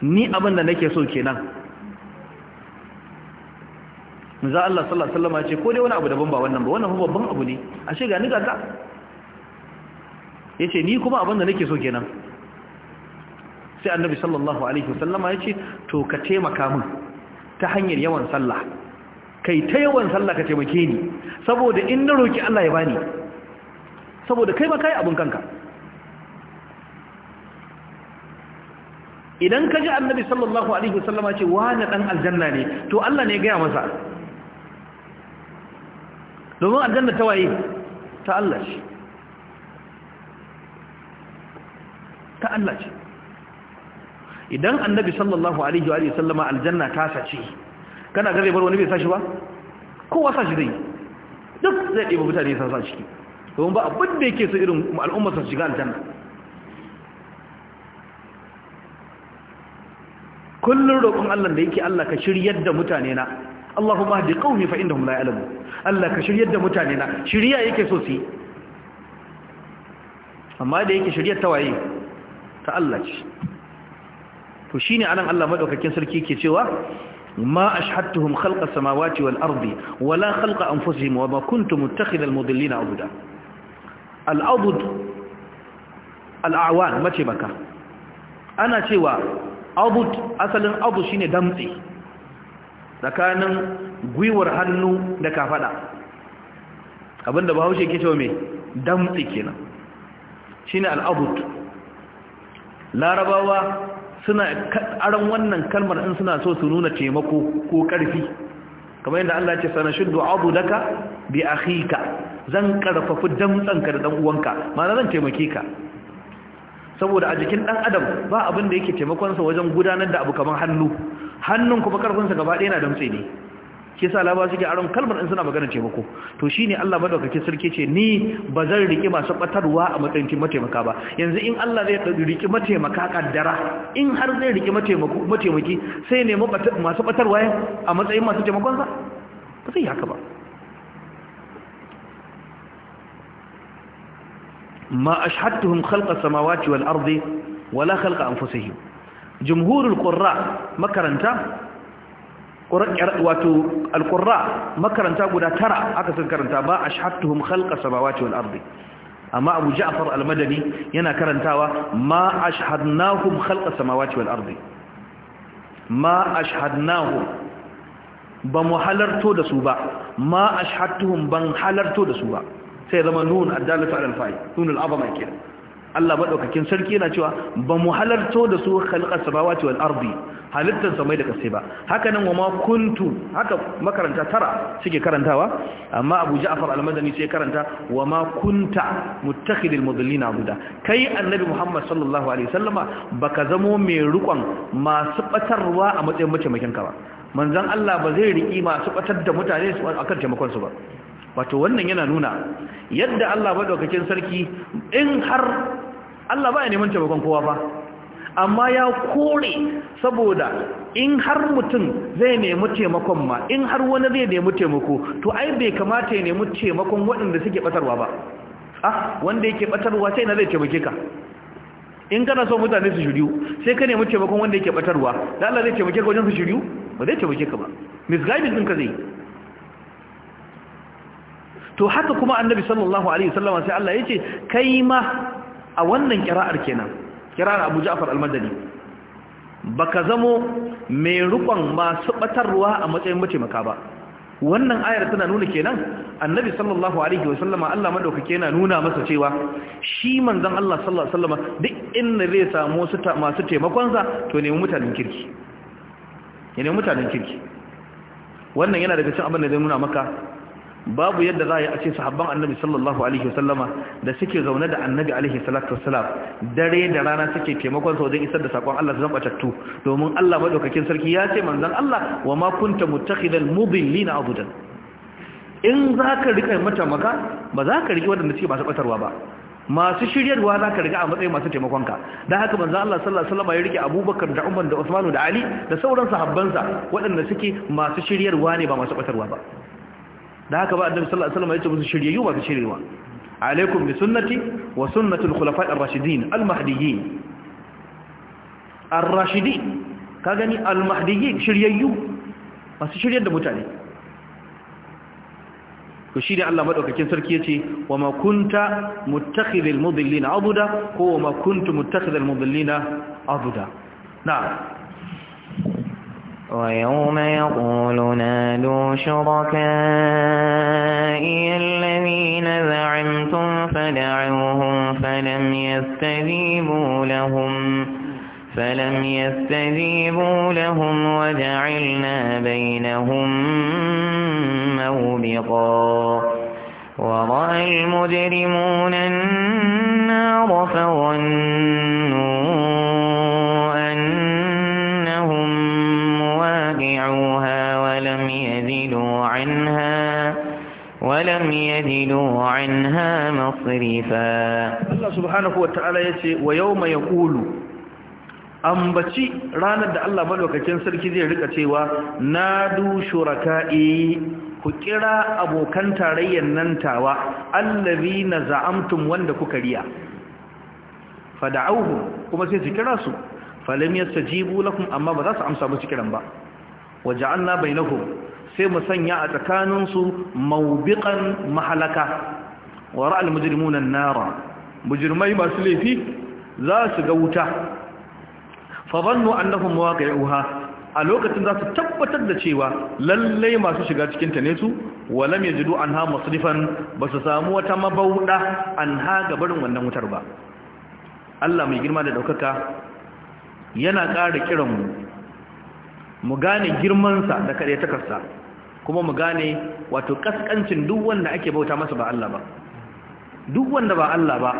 ni abinda nake so kenan manzo Allah sallallahu alaihi wasallama ya ce ko dai wani abu daban ba wannan ba wannan babban abu ne ashe ga ni ga ka yace ni kuma abinda nake so kenan sai annabi sallallahu alaihi sallama ya ce to ka taimaka min ta hanyar yawan sallah kai ta yawan sallah ka taimake ni saboda in na roki Allah ya bani saboda kai ma kai abun kanka idan ka ji annabi sallallahu alaihi wasallama ce wani dan aljanna ne to Allah ne ya gaya masa domin aljanna ta waye ta Allah shi ta Allah shi idan annabi sallallahu alaihi wasallama aljanna ta sace kana ga zai bar wani bai sashi ba kowa sashi zai duk zai ɗiba mutane sa sa ciki domin ba abin da yake so irin al'ummar sa shiga aljanna kullun roƙon Allah da yake Allah ka shiryar da mutane na Allahumma hadi qaumi fa innahum la ya'lamun Allah ka shiryar da mutane na shiriya yake so su yi amma da yake shiryar ta waye ta Allah ce to shine anan Allah madaukakin sarki ke cewa ما أشهدتهم خلق السماوات والأرض ولا خلق أنفسهم وما كنت متخذ المضلين عبدا العبد الأعوان ما تبكى أنا تيوى عبد أصلا عبد شيني دمتي tsakanin gwiwar hannu da kafada abinda bahaushe ke cewa mai damtsi kenan shine al'abud larabawa suna aran wannan kalmar in suna so su nuna taimako ko ƙarfi kamar yadda Allah ce sana shuddu abu daka bi akhika zan karfafi damtsanka da dan uwanka ma'ana zan taimake ka saboda a jikin ɗan adam ba abin da yake taimakonsa wajen gudanar da abu kamar hannu hannun kuma karfinsa gaba ɗaya na damtse ne Ke sa labawa suke aron kalmar in suna maganar taimako to shine Allah madaukake sarki ce ni bazan riki masu batarwa a matsayin mataimaka ba yanzu in Allah zai riki mataimaka kaddara in har zai riki mataimako mataimaki sai ne masu batarwa a matsayin masu taimakon sa ba zai haka ba ashhadtuhum khalqa samawati wal ardi wala khalqa anfusihim jumhurul qurra makaranta. wato alƙurra makaranta guda tara aka sun karanta ba a shahattuhum khalqa samawati wal ardi amma abu ja'far al-madani yana karantawa ma ashhadnahum khalqa samawati wal ardi ma ashhadnahum ba mu halarto da su ba ma ashhadtuhum ban halarto da su ba sai zama nun addalatu ala al-fa'i nun al-azama kenan Allah maɗaukakin sarki yana cewa ba mu halarto da su khalqa samawati wal ardi halittan samai da kasai ba haka nan wa ma kuntu haka makaranta tara suke karantawa amma Abu Ja'far al-Madani sai karanta wa ma kunta muttakhidil mudallina guda, kai annabi Muhammad sallallahu alaihi wasallama baka zamo mai rukon masu batarwa a matsayin mace ka ba manzon Allah ba zai riƙi masu batar da mutane su akan taimakon su ba wato wannan yana nuna yadda Allah daukakin sarki in har Allah ba ya neman taimakon kowa ba amma ya kore saboda in har mutum zai nemi taimakon ma in har wani zai nemi taimako to ai bai kamata ya nemi taimakon waɗanda suke batarwa ba ah wanda yake batarwa sai na zai taimake ka in kana so mutane su shiryu sai ka nemi taimakon wanda yake batarwa da Allah zai taimake ka wajen su shiryu ba zai taimake ka ba misguided din ka zai to haka kuma annabi sallallahu alaihi wasallam sai Allah yace kai ma a wannan kira'ar kenan kira'ar Abu Ja'far al-Madani baka zamo mai rukon masu batarwa a matsayin mataimaka ba wannan ayar tana nuna kenan annabi sallallahu alaihi wasallama Allah madaukake yana nuna masa cewa shi manzon Allah sallallahu alaihi wasallama duk inda zai samu su masu taimakon sa to ne mutanen kirki ne mutanen kirki wannan yana daga cikin abin da zai nuna maka babu yadda za a yi a ce sahabban annabi sallallahu alaihi wasallama da suke zaune da annabi alaihi salatu wasalam dare da rana suke taimakon sa wajen isar da sakon Allah zan batattu domin Allah madaukakin sarki ya ce manzon Allah wa ma kunta muttakhidal mudillina abudan in zaka rika mata maka ba za ka riki wadanda suke masu batarwa ba masu shiryarwa za ka riga a matsayin masu taimakonka don haka manzo Allah sallallahu alaihi wasallam ya rike Abubakar da Umar da Usman da Ali da sauran sahabban sa waɗanda suke masu shiryarwa ne ba masu batarwa ba da haka ba annabi sallallahu alaihi wasallam ya ce musu shiryayyu ba ka shiryewa alaikum bi sunnati wa sunnati al-khulafa'i ar-rashidin al-mahdiyyin ar-rashidin ka gani al-mahdiyyin shiryayyu ba su shiryar da mutane to shi ne Allah madaukakin sarki yace wa ma kunta muttakhidhal mudillina abuda ko wa ma kuntu muttakhidhal mudillina abuda na'am ويوم يقول نادوا شركائي الذين زعمتم فدعوهم فلم يستجيبوا لهم فلم يستجيبوا لهم وجعلنا بينهم موبقا ورأى المجرمون النار ولم يجدوا عنها مصرفا الله سبحانه وتعالى يتي ويوم يقول ambaci ranar da Allah madaukakin sarki zai rika cewa na nadu shuraka'i ku kira abokan tarayyar nan tawa allazina za'amtum wanda kuka riya fada'uhu kuma sai su kira su falam yastajibu amma ba za su amsa ba kiran ba waja'alna bainahum sai mu sanya a tsakaninsu maubiƙan mahalaka wa ra'al mujrimunan nara mujrimai masu laifi za su ga wuta fa zannu annahum waqi'uha a lokacin za su tabbatar da cewa lallai masu shiga cikin ta ne su lam yajidu anha masrifan ba su samu wata mabauda anha ga barin wannan wutar ba Allah mai girma da daukaka yana ƙara kiran mu mu gane girman sa da kare takarsa kuma mu gane wato kaskancin duk wanda ake bauta masa ba Allah ba duk wanda ba Allah ba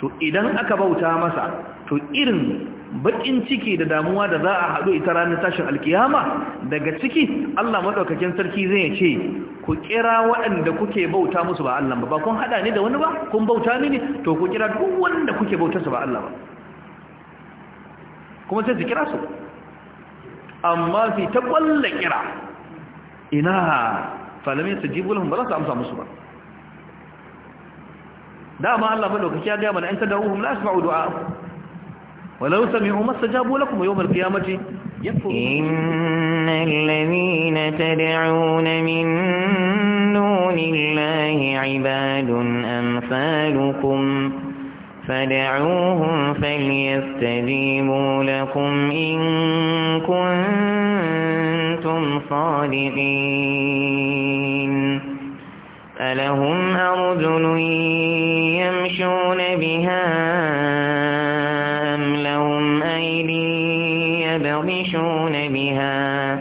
to idan aka bauta masa to irin bakin ciki da damuwa da za a haɗu ita ranar tashin alkiyama daga ciki Allah maɗaukakin sarki zai ce ku kira waɗanda kuke bauta musu ba Allah ba ba kun haɗa ne da wani ba kun bauta ne to ku kira duk wanda kuke bauta su ba Allah ba kuma sai su kira su amma fi ta ƙwalla kira إناء فلم يستجيبوا لهم بلا بلس أمسى مصرا ما الله ملوك يا قياما أن تدعوهم لا أسمعوا دعاء ولو سمعوا ما استجابوا لكم يوم القيامة إن الذين تدعون من دون الله عباد أمثالكم فدعوهم فليستجيبوا لكم إن كنتم كنتم صادقين ألهم أرجل يمشون بها أم لهم أيدي يبغشون بها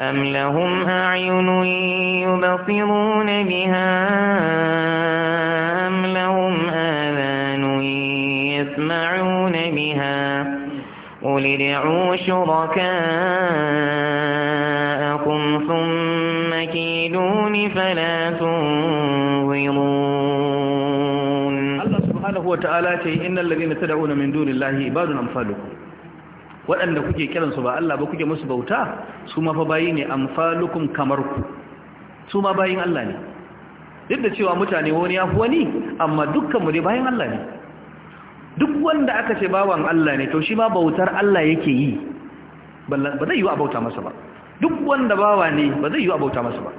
أم لهم أعين يبصرون بها أم لهم آذان يسمعون بها قل ادعوا شركاء فلا تنظرون الله سبحانه وتعالى ce innal ladina tad'una min dunillahi ibadun amsalukum wadanda kuke kiran su ba Allah ba kuke musu bauta su ma fa bayi ne amsalukum kamar ku su ma Allah ne duk da cewa mutane wani ya wani amma dukkan mu dai Allah ne duk wanda aka ce bawan Allah ne to shi ma bautar Allah yake yi ba zai yi a bauta masa ba duk wanda bawa ne ba zai yi a bauta masa ba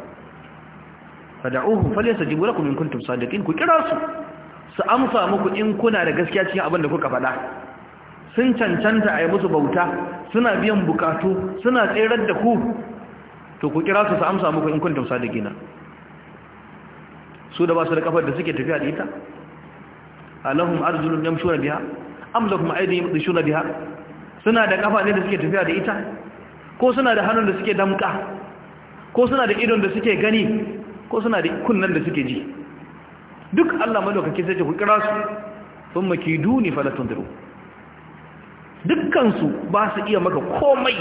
fada'uhu falyastajibu lakum in kuntum sadiqin ku kira su su amsa muku in kuna da gaskiya cikin abin da kuka faɗa sun cancanta a yi musu bauta suna biyan bukatu suna tserar da ku to ku kira su su amsa muku in kuntum sadiqina su da ba su da kafar da suke tafiya da ita alahum arjulun yamshuna biha am lahum aydin yamshuna biha suna da kafa ne da suke tafiya da ita ko suna da hannun da suke damka ko suna da idon da suke gani ko suna da kunnan da suke ji duk Allah madaukake sai ce ku kira su sun duni falatun duru dukkansu ba su iya maka komai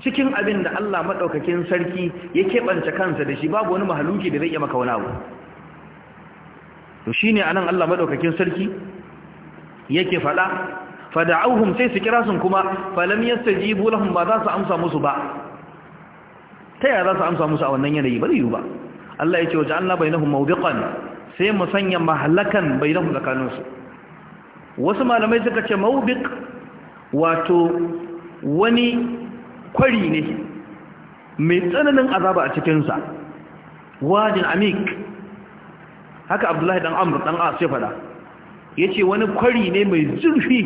cikin abin da Allah madaukakin sarki ya keɓance kansa da shi babu wani mahaluki da zai iya maka wani abu to shine anan Allah madaukakin sarki yake fada fada'uhum sai su kira sun kuma falam yastajibu lahum ba za su amsa musu ba ta yaya za su amsa musu a wannan yanayi ba zai yi ba Allah ya ce wa ja'alna bainahum mawdiqan sai mu sanya mahallakan bai nahu tsakaninsu wasu malamai suka ce mawdiq wato wani kwari ne mai tsananin azaba a cikinsa wadin amik haka abdullahi dan amur dan as ya ya wani kwari ne mai zurfi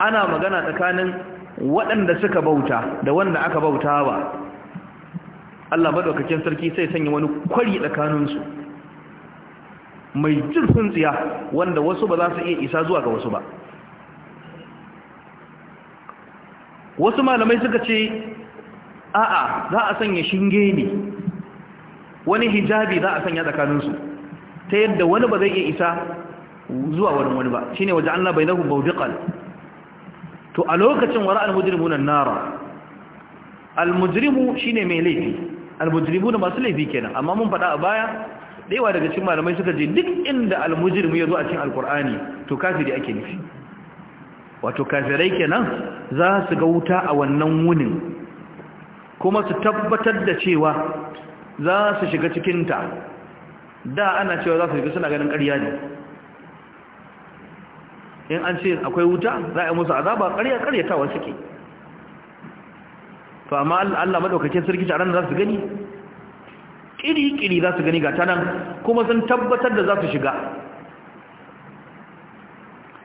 ana magana tsakanin waɗanda suka bauta da wanda aka bauta ba Allah madaukakin sarki sai sanya wani kwari tsakaninsu mai jirfin tsiya wanda wasu ba za su iya isa zuwa ga wasu ba wasu malamai suka ce a'a za a sanya shinge ne wani hijabi za a sanya tsakaninsu ta yadda wani ba zai iya isa zuwa wani wani ba shine waje Allah bai nahu baudiqal to a lokacin wara'al mujrimuna nara al mujrimu shine mai laifi almujrimu da masu laifi kenan amma mun faɗa a baya daiwa daga cikin malamai suka je duk inda almujrimu ya zo a cikin alkur'ani to kafiri ake nufi wato kafirai kenan za su ga wuta a wannan wunin kuma su tabbatar da cewa za su shiga cikinta da ana cewa za su shiga suna ganin ƙarya ne in an ce akwai wuta za a yi musu azaba ƙarya ƙaryatawa suke to amma Allah madaukakin sarki a ran za su gani kiri-kiri za su gani ga tanan, kuma sun tabbatar da za su shiga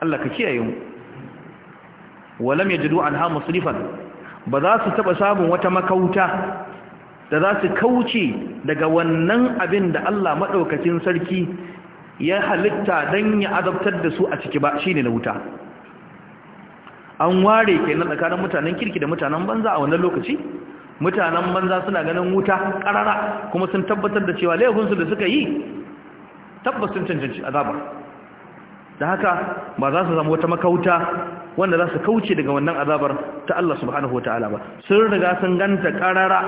Allah ka kiyaye mu walam yajidu anha musrifan ba za su taba samun wata makauta da za su kauce daga wannan abin da Allah madaukakin sarki ya halitta dan ya adabtar da su a ciki ba shine na wuta an ware ke na tsakanin mutanen kirki da mutanen banza a wannan lokaci mutanen banza suna ganin wuta karara kuma sun tabbatar da cewa laifinsu da suka yi tabbas sun cancanci azaba da haka ba za su zama wata makauta wanda za su kauce daga wannan azabar ta Allah subhanahu wataala ba sun riga sun ganta karara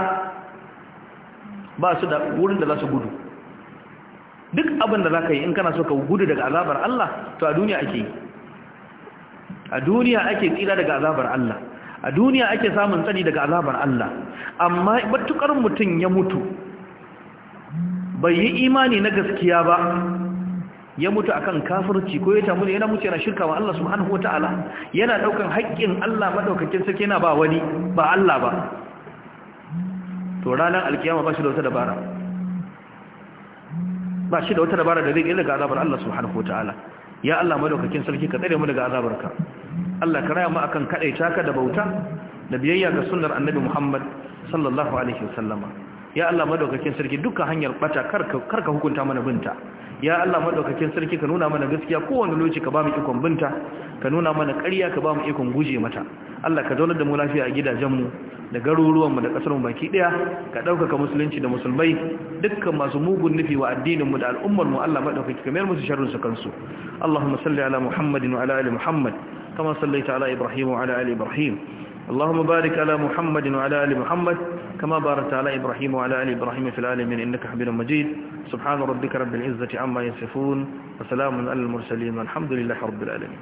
ba su da wurin da za su gudu duk abin da za ka yi in kana so ka gudu daga azabar Allah to a duniya ake yi a duniya ake tsira daga azabar Allah a duniya ake samun tsari daga azabar Allah amma matukar mutum ya mutu bai yi imani na gaskiya ba ya mutu akan kafirci ko ya tamu da yana mutu yana shirka wa Allah subhanahu wataala yana daukan haƙƙin Allah madaukakin sake yana ba wani ba Allah ba to ranar alkiyama ba shi da wata dabara ba shi da wata dabara da zai ƙi daga azabar Allah subhanahu wataala ya Allah madaukakin sarki ka tsare mu daga azabarka Allah ka raya mu akan kadaita ka da bauta da biyayya ga sunnar annabi Muhammad sallallahu alaihi wasallama ya Allah madaukakin sarki dukkan hanyar bata karka karka hukunta mana binta ya Allah madaukakin sarki ka nuna mana gaskiya kowanne lokaci ka ba mu ikon binta ka nuna mana ƙarya ka ba mu ikon guje mata Allah ka zaunar da mu lafiya a gidajenmu da garuruwanmu da ƙasarmu baki ɗaya ka ɗaukaka musulunci da musulmai dukkan masu mugun nufi wa addininmu da al'ummarmu Allah maɗaukaki kamar musu sharrin su kansu Allahumma salli ala Muhammadin wa ala ali Muhammad kama sallaita ala Ibrahim wa ala ali Ibrahim اللهم بارك على محمد وعلى آل محمد كما باركت على إبراهيم وعلى آل إبراهيم في العالمين إنك حميد مجيد سبحان ربك رب العزة عما يصفون وسلام على المرسلين والحمد لله رب العالمين